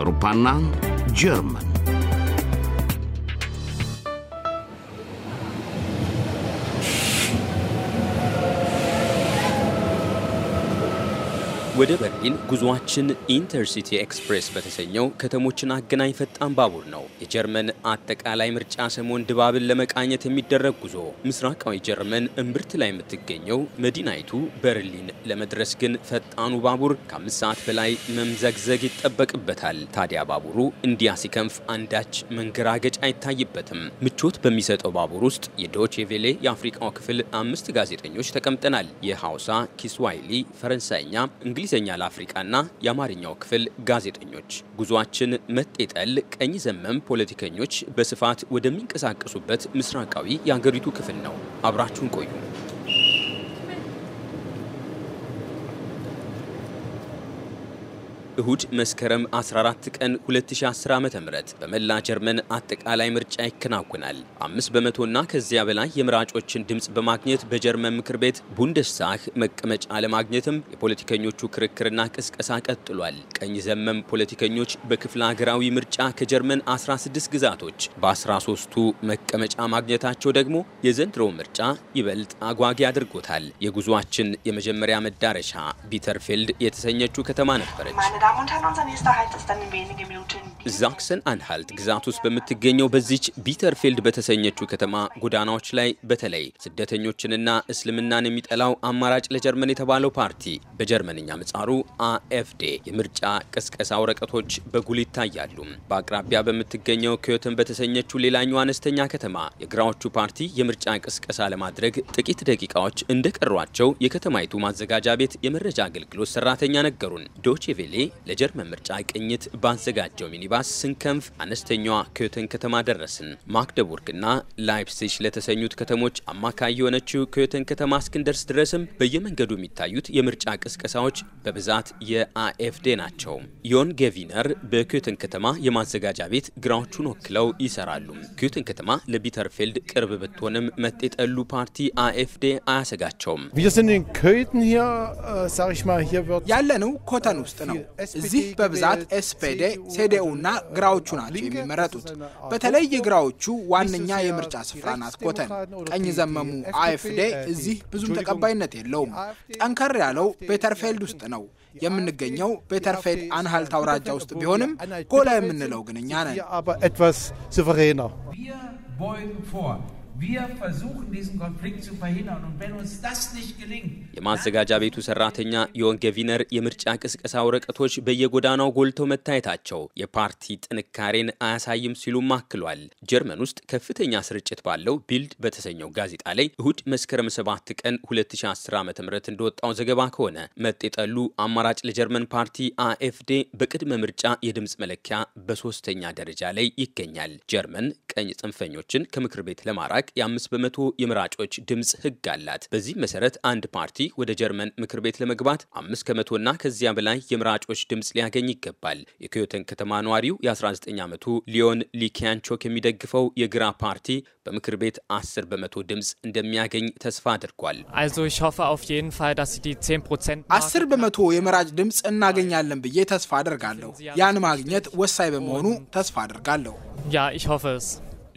Rupanang Jerman ወደ በርሊን ጉዞአችን ኢንተርሲቲ ኤክስፕሬስ በተሰኘው ከተሞችን አገናኝ ፈጣን ባቡር ነው። የጀርመን አጠቃላይ ምርጫ ሰሞን ድባብን ለመቃኘት የሚደረግ ጉዞ። ምስራቃዊ ጀርመን እምብርት ላይ የምትገኘው መዲናይቱ በርሊን ለመድረስ ግን ፈጣኑ ባቡር ከአምስት ሰዓት በላይ መምዘግዘግ ይጠበቅበታል። ታዲያ ባቡሩ እንዲያ ሲከንፍ አንዳች መንገራገጫ አይታይበትም። ምቾት በሚሰጠው ባቡር ውስጥ የዶቼ ቬሌ የአፍሪቃው ክፍል አምስት ጋዜጠኞች ተቀምጠናል። የሐውሳ፣ ኪስዋይሊ፣ ፈረንሳይኛ፣ እንግሊዝ የእንግሊዝኛ ለአፍሪቃና የአማርኛው ክፍል ጋዜጠኞች ጉዟችን መጤጠል ቀኝ ዘመም ፖለቲከኞች በስፋት ወደሚንቀሳቀሱበት ምስራቃዊ የአገሪቱ ክፍል ነው። አብራችሁን ቆዩ። እሁድ መስከረም 14 ቀን 2010 ዓ.ም በመላ ጀርመን አጠቃላይ ምርጫ ይከናወናል። አምስት በመቶና ከዚያ በላይ የምራጮችን ድምፅ በማግኘት በጀርመን ምክር ቤት ቡንደስታግ መቀመጫ ለማግኘትም የፖለቲከኞቹ ክርክርና ቅስቀሳ ቀጥሏል። ቀኝ ዘመም ፖለቲከኞች በክፍለ ሀገራዊ ምርጫ ከጀርመን 16 ግዛቶች በ13ቱ መቀመጫ ማግኘታቸው ደግሞ የዘንድሮ ምርጫ ይበልጥ አጓጊ አድርጎታል። የጉዟችን የመጀመሪያ መዳረሻ ቢተርፌልድ የተሰኘችው ከተማ ነበረች። ዛክሰን አንሃልት ግዛት ውስጥ በምትገኘው በዚች ቢተርፊልድ በተሰኘችው ከተማ ጎዳናዎች ላይ በተለይ ስደተኞችንና እስልምናን የሚጠላው አማራጭ ለጀርመን የተባለው ፓርቲ በጀርመንኛ ምጻሩ አኤፍዴ የምርጫ ቅስቀሳ ወረቀቶች በጉል ይታያሉ። በአቅራቢያ በምትገኘው ክዮትን በተሰኘችው ሌላኛው አነስተኛ ከተማ የግራዎቹ ፓርቲ የምርጫ ቅስቀሳ ለማድረግ ጥቂት ደቂቃዎች እንደቀሯቸው የከተማይቱ ማዘጋጃ ቤት የመረጃ አገልግሎት ሰራተኛ ነገሩን። ዶቼ ቬሌ ለጀርመን ምርጫ ቅኝት ባዘጋጀው ሚኒባስ ስንከንፍ አነስተኛዋ ክዮተን ከተማ ደረስን። ማክደቡርግና ላይፕሲጅ ለተሰኙት ከተሞች አማካይ የሆነችው ክዮተን ከተማ እስክንደርስ ድረስም በየመንገዱ የሚታዩት የምርጫ ቅስቀሳዎች በብዛት የአኤፍዴ ናቸው። ዮን ጌቪነር በክዮተን ከተማ የማዘጋጃ ቤት ግራዎቹን ወክለው ይሰራሉ። ክዮተን ከተማ ለቢተርፌልድ ቅርብ ብትሆንም መጤጠሉ ፓርቲ አኤፍዴ አያሰጋቸውም። äh, ያለነው ኮተን ውስጥ ነው። እዚህ በብዛት ኤስፔዴ ሴዴኡና ግራዎቹ ናቸው የሚመረጡት። በተለይ የግራዎቹ ዋነኛ የምርጫ ስፍራ ናት ኮተን። ቀኝ ዘመሙ አኤፍዴ እዚህ ብዙም ተቀባይነት የለውም። ጠንከር ያለው ቤተርፌልድ ውስጥ ነው። የምንገኘው ቤተርፌልድ አንሃልት አውራጃ ውስጥ ቢሆንም ጎላ የምንለው ግን እኛ ነን። Wir versuchen diesen Konflikt zu verhindern und wenn uns das nicht gelingt የማዘጋጃ ቤቱ ሰራተኛ የወንገቪነር የምርጫ ቅስቀሳ ወረቀቶች በየጎዳናው ጎልተው መታየታቸው የፓርቲ ጥንካሬን አያሳይም ሲሉም አክሏል። ጀርመን ውስጥ ከፍተኛ ስርጭት ባለው ቢልድ በተሰኘው ጋዜጣ ላይ እሁድ መስከረም 7 ቀን 2010 ዓ.ም እንደወጣው ዘገባ ከሆነ መጤጠሉ አማራጭ ለጀርመን ፓርቲ አኤፍዴ በቅድመ ምርጫ የድምፅ መለኪያ በሶስተኛ ደረጃ ላይ ይገኛል። ጀርመን ቀኝ ጽንፈኞችን ከምክር ቤት ለማራቅ የአምስት በመቶ የምራጮች ድምፅ ህግ አላት። በዚህ መሰረት አንድ ፓርቲ ወደ ጀርመን ምክር ቤት ለመግባት አምስት ከመቶና ከዚያ በላይ የምራጮች ድምፅ ሊያገኝ ይገባል። የክዮተን ከተማ ነዋሪው የ19 ዓመቱ ሊዮን ሊኪያንቾክ የሚደግፈው የግራ ፓርቲ በምክር ቤት 10 በመቶ ድምፅ እንደሚያገኝ ተስፋ አድርጓል። አስር በመቶ የመራጭ ድምፅ እናገኛለን ብዬ ተስፋ አደርጋለሁ ያን ማግኘት ወሳኝ በመሆኑ ተስፋ አድርጋለሁ። ያ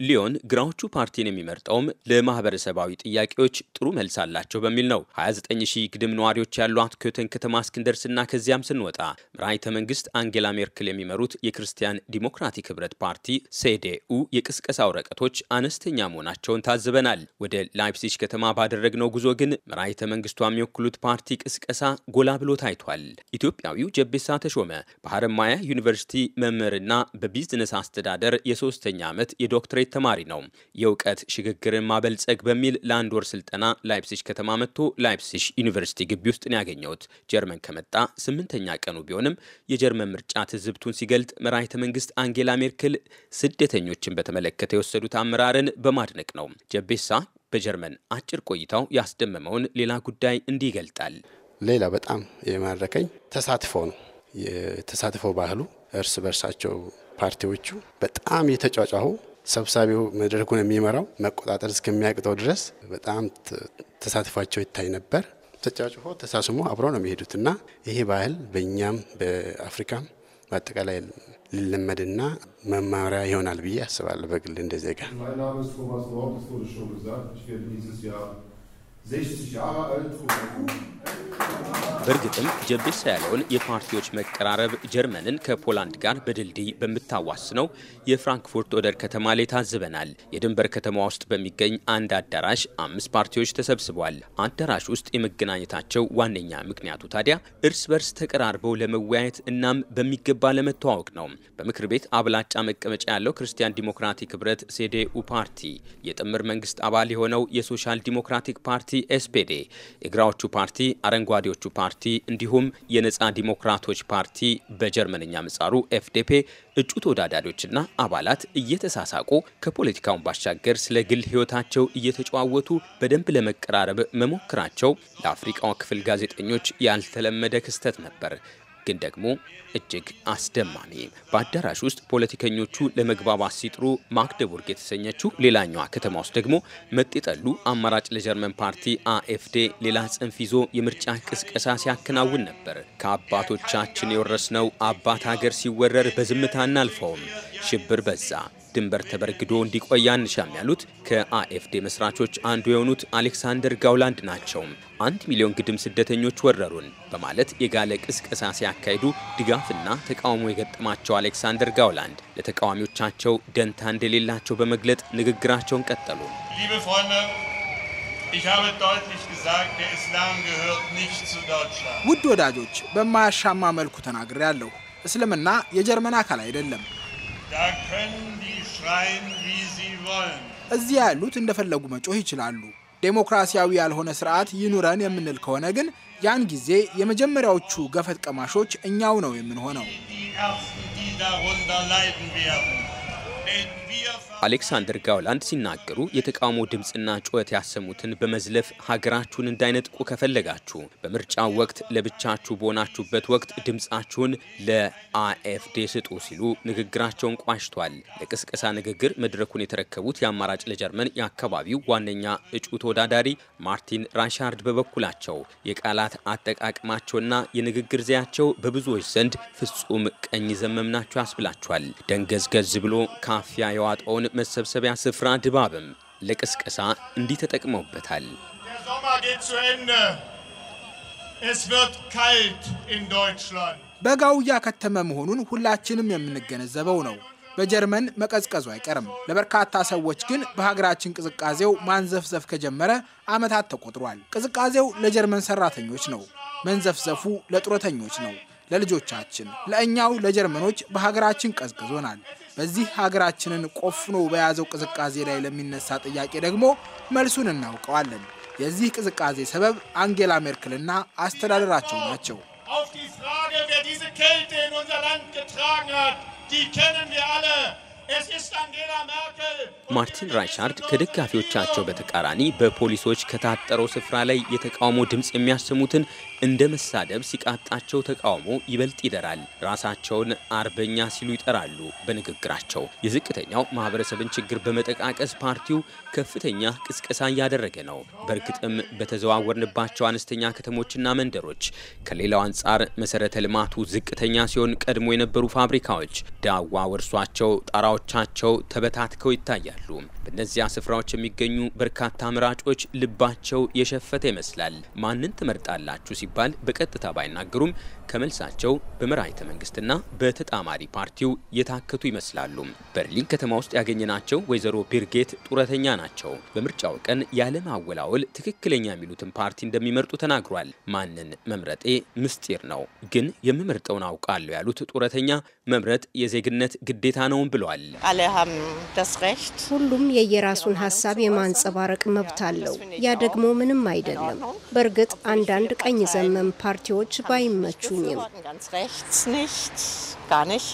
ሊዮን ግራዎቹ ፓርቲን የሚመርጠውም ለማህበረሰባዊ ጥያቄዎች ጥሩ መልስ አላቸው በሚል ነው። 29 ሺህ ግድም ነዋሪዎች ያሏት ኪዮተን ከተማ እስክንደርስና ከዚያም ስንወጣ ምራይተ መንግስት አንጌላ ሜርክል የሚመሩት የክርስቲያን ዲሞክራቲክ ህብረት ፓርቲ ሴዴኡ የቅስቀሳ ወረቀቶች አነስተኛ መሆናቸውን ታዝበናል። ወደ ላይፕሲጅ ከተማ ባደረግነው ጉዞ ግን ምራይተ መንግስቷ የሚወክሉት ፓርቲ ቅስቀሳ ጎላ ብሎ ታይቷል። ኢትዮጵያዊው ጀቤሳ ተሾመ በሀረማያ ዩኒቨርሲቲ መምህርና በቢዝነስ አስተዳደር የሶስተኛ ዓመት የዶክትሬት ዶክትሬት ተማሪ ነው። የእውቀት ሽግግርን ማበልጸግ በሚል ለአንድ ወር ስልጠና ላይፕሲሽ ከተማ መጥቶ ላይፕሲሽ ዩኒቨርሲቲ ግቢ ውስጥ ነው ያገኘሁት። ጀርመን ከመጣ ስምንተኛ ቀኑ ቢሆንም የጀርመን ምርጫ ትዝብቱን ሲገልጥ መራሂተ መንግስት አንጌላ ሜርክል ስደተኞችን በተመለከተ የወሰዱት አመራርን በማድነቅ ነው። ጀቤሳ በጀርመን አጭር ቆይታው ያስደመመውን ሌላ ጉዳይ እንዲህ ይገልጣል። ሌላ በጣም የማረከኝ ተሳትፎ ነው። የተሳትፎ ባህሉ እርስ በርሳቸው ፓርቲዎቹ በጣም የተጫጫሁ ሰብሳቢው መድረኩን የሚመራው መቆጣጠር እስከሚያቅተው ድረስ በጣም ተሳትፏቸው ይታይ ነበር። ተጫጭፎ ተሳስሞ አብረው ነው የሚሄዱት እና ይሄ ባህል በእኛም በአፍሪካም በአጠቃላይ ሊለመድና መማሪያ ይሆናል ብዬ አስባለሁ። በግል እንደ ዜጋ በእርግጥም ጀቤሳ ያለውን የፓርቲዎች መቀራረብ ጀርመንን ከፖላንድ ጋር በድልድይ በምታዋስነው የፍራንክፉርት ኦደር ከተማ ላይ ታዝበናል። የድንበር ከተማ ውስጥ በሚገኝ አንድ አዳራሽ አምስት ፓርቲዎች ተሰብስበዋል። አዳራሽ ውስጥ የመገናኘታቸው ዋነኛ ምክንያቱ ታዲያ እርስ በርስ ተቀራርበው ለመወያየት እናም በሚገባ ለመተዋወቅ ነው። በምክር ቤት አብላጫ መቀመጫ ያለው ክርስቲያን ዲሞክራቲክ ህብረት ሴዴኡ ፓርቲ የጥምር መንግስት አባል የሆነው የሶሻል ዲሞክራቲክ ፓርቲ ኤስፔዴ፣ እግራዎቹ ፓርቲ አረንጓዴዎቹ ፓርቲ እንዲሁም የነጻ ዲሞክራቶች ፓርቲ በጀርመንኛ ምጻሩ ኤፍዴፔ እጩ ተወዳዳሪዎችና አባላት እየተሳሳቁ ከፖለቲካውን ባሻገር ስለ ግል ሕይወታቸው እየተጨዋወቱ በደንብ ለመቀራረብ መሞክራቸው ለአፍሪቃው ክፍል ጋዜጠኞች ያልተለመደ ክስተት ነበር። ግን ደግሞ እጅግ አስደማሚ። በአዳራሽ ውስጥ ፖለቲከኞቹ ለመግባባት ሲጥሩ ማክደቡርግ የተሰኘችው ሌላኛዋ ከተማ ውስጥ ደግሞ መጤጠሉ አማራጭ ለጀርመን ፓርቲ አኤፍዴ ሌላ ጽንፍ ይዞ የምርጫ ቅስቀሳ ሲያከናውን ነበር። ከአባቶቻችን የወረስነው አባት ሀገር ሲወረር በዝምታ እናልፈውም። ሽብር በዛ ድንበር ተበርግዶ እንዲቆይ አንሻም ያሉት ከአኤፍዴ መስራቾች አንዱ የሆኑት አሌክሳንደር ጋውላንድ ናቸው። አንድ ሚሊዮን ግድም ስደተኞች ወረሩን በማለት የጋለ ቅስቀሳ ሲያካሂዱ ድጋፍና ተቃውሞ የገጠማቸው አሌክሳንደር ጋውላንድ ለተቃዋሚዎቻቸው ደንታ እንደሌላቸው በመግለጥ ንግግራቸውን ቀጠሉ። ውድ ወዳጆች፣ በማያሻማ መልኩ ተናግሬ ያለሁ እስልምና የጀርመን አካል አይደለም። እዚህ ያሉት እንደፈለጉ መጮህ ይችላሉ። ዴሞክራሲያዊ ያልሆነ ስርዓት ይኑረን የምንል ከሆነ ግን ያን ጊዜ የመጀመሪያዎቹ ገፈት ቀማሾች እኛው ነው የምንሆነው። አሌክሳንደር ጋውላንድ ሲናገሩ የተቃውሞ ድምፅና ጩኸት ያሰሙትን በመዝለፍ ሀገራችሁን እንዳይነጥቁ ከፈለጋችሁ በምርጫው ወቅት ለብቻችሁ በሆናችሁበት ወቅት ድምፃችሁን ለአኤፍዴ ስጡ ሲሉ ንግግራቸውን ቋሽቷል። ለቅስቀሳ ንግግር መድረኩን የተረከቡት የአማራጭ ለጀርመን የአካባቢው ዋነኛ እጩ ተወዳዳሪ ማርቲን ራሻርድ በበኩላቸው የቃላት አጠቃቀማቸውና የንግግር ዘያቸው በብዙዎች ዘንድ ፍጹም ቀኝ ዘመም ናቸው ያስብላቸዋል። ደንገዝገዝ ብሎ ማፊያ የዋጠውን መሰብሰቢያ ስፍራ ድባብም ለቅስቀሳ እንዲህ ተጠቅመውበታል። በጋው እያከተመ መሆኑን ሁላችንም የምንገነዘበው ነው። በጀርመን መቀዝቀዙ አይቀርም። ለበርካታ ሰዎች ግን በሀገራችን ቅዝቃዜው ማንዘፍዘፍ ከጀመረ ዓመታት ተቆጥሯል። ቅዝቃዜው ለጀርመን ሰራተኞች ነው፣ መንዘፍዘፉ ለጡረተኞች ነው፣ ለልጆቻችን፣ ለእኛው ለጀርመኖች በሀገራችን ቀዝቅዞናል። በዚህ ሀገራችንን ቆፍኖ በያዘው ቅዝቃዜ ላይ ለሚነሳ ጥያቄ ደግሞ መልሱን እናውቀዋለን። የዚህ ቅዝቃዜ ሰበብ አንጌላ ሜርክልና አስተዳደራቸው ናቸው። ማርቲን ራይቻርድ ከደጋፊዎቻቸው በተቃራኒ በፖሊሶች ከታጠረው ስፍራ ላይ የተቃውሞ ድምፅ የሚያሰሙትን እንደ መሳደብ ሲቃጣቸው ተቃውሞ ይበልጥ ይደራል። ራሳቸውን አርበኛ ሲሉ ይጠራሉ። በንግግራቸው የዝቅተኛው ማህበረሰብን ችግር በመጠቃቀስ ፓርቲው ከፍተኛ ቅስቀሳ እያደረገ ነው። በእርግጥም በተዘዋወርንባቸው አነስተኛ ከተሞችና መንደሮች ከሌላው አንጻር መሰረተ ልማቱ ዝቅተኛ ሲሆን ቀድሞ የነበሩ ፋብሪካዎች ዳዋ ወርሷቸው ጣራዎቻቸው ተበታትከው ይታያሉ። በእነዚያ ስፍራዎች የሚገኙ በርካታ መራጮች ልባቸው የሸፈተ ይመስላል። ማንን ትመርጣላችሁ እንደሚባል በቀጥታ ባይናገሩም ከመልሳቸው በመራሒተ መንግስትና በተጣማሪ ፓርቲው የታከቱ ይመስላሉ። በርሊን ከተማ ውስጥ ያገኘናቸው ወይዘሮ ቢርጌት ጡረተኛ ናቸው። በምርጫው ቀን ያለማወላወል ትክክለኛ የሚሉትን ፓርቲ እንደሚመርጡ ተናግሯል። ማንን መምረጤ ምስጢር ነው፣ ግን የምመርጠውን አውቃለሁ ያሉት ጡረተኛ መምረጥ የዜግነት ግዴታ ነውም ብሏል። ሁሉም የየራሱን ሀሳብ የማንጸባረቅ መብት አለው። ያ ደግሞ ምንም አይደለም። በእርግጥ አንዳንድ ቀኝ ዘመም ፓርቲዎች ባይመቹ አይመስለኝም።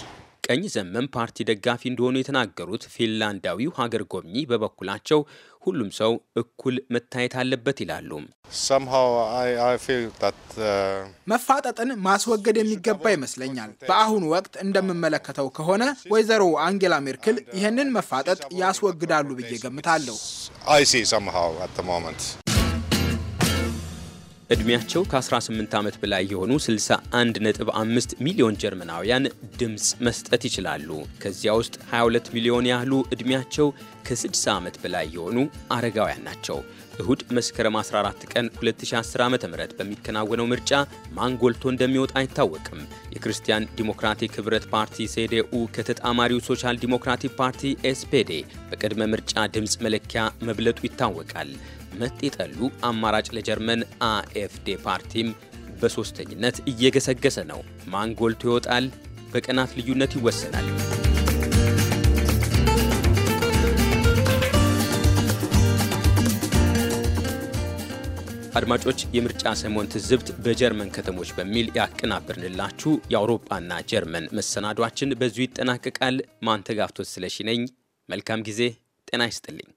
ቀኝ ዘመም ፓርቲ ደጋፊ እንደሆኑ የተናገሩት ፊንላንዳዊው ሀገር ጎብኚ በበኩላቸው ሁሉም ሰው እኩል መታየት አለበት ይላሉ። uh, መፋጠጥን ማስወገድ የሚገባ ይመስለኛል። በአሁኑ ወቅት እንደምመለከተው ከሆነ ወይዘሮ አንጌላ ሜርክል ይህንን መፋጠጥ ያስወግዳሉ ብዬ ገምታለሁ። እድሜያቸው ከ18 ዓመት በላይ የሆኑ 61.5 ሚሊዮን ጀርመናውያን ድምፅ መስጠት ይችላሉ። ከዚያ ውስጥ 22 ሚሊዮን ያህሉ እድሜያቸው ከ60 ዓመት በላይ የሆኑ አረጋውያን ናቸው። እሁድ መስከረም 14 ቀን 2010 ዓ ም በሚከናወነው ምርጫ ማን ጎልቶ እንደሚወጣ አይታወቅም። የክርስቲያን ዲሞክራቲክ ህብረት ፓርቲ ሴዴኡ ከተጣማሪው ሶሻል ዲሞክራቲክ ፓርቲ ኤስፔዴ በቅድመ ምርጫ ድምፅ መለኪያ መብለጡ ይታወቃል። የጠሉ አማራጭ ለጀርመን አኤፍዴ ፓርቲም በሦስተኝነት እየገሰገሰ ነው። ማን ጎልቶ ይወጣል? በቀናት ልዩነት ይወሰናል። አድማጮች፣ የምርጫ ሰሞን ትዝብት በጀርመን ከተሞች በሚል ያቀናበርንላችሁ የአውሮፓና ጀርመን መሰናዷችን በዚሁ ይጠናቀቃል። ማንተጋፍቶት ስለሺ ነኝ። መልካም ጊዜ። ጤና ይስጥልኝ።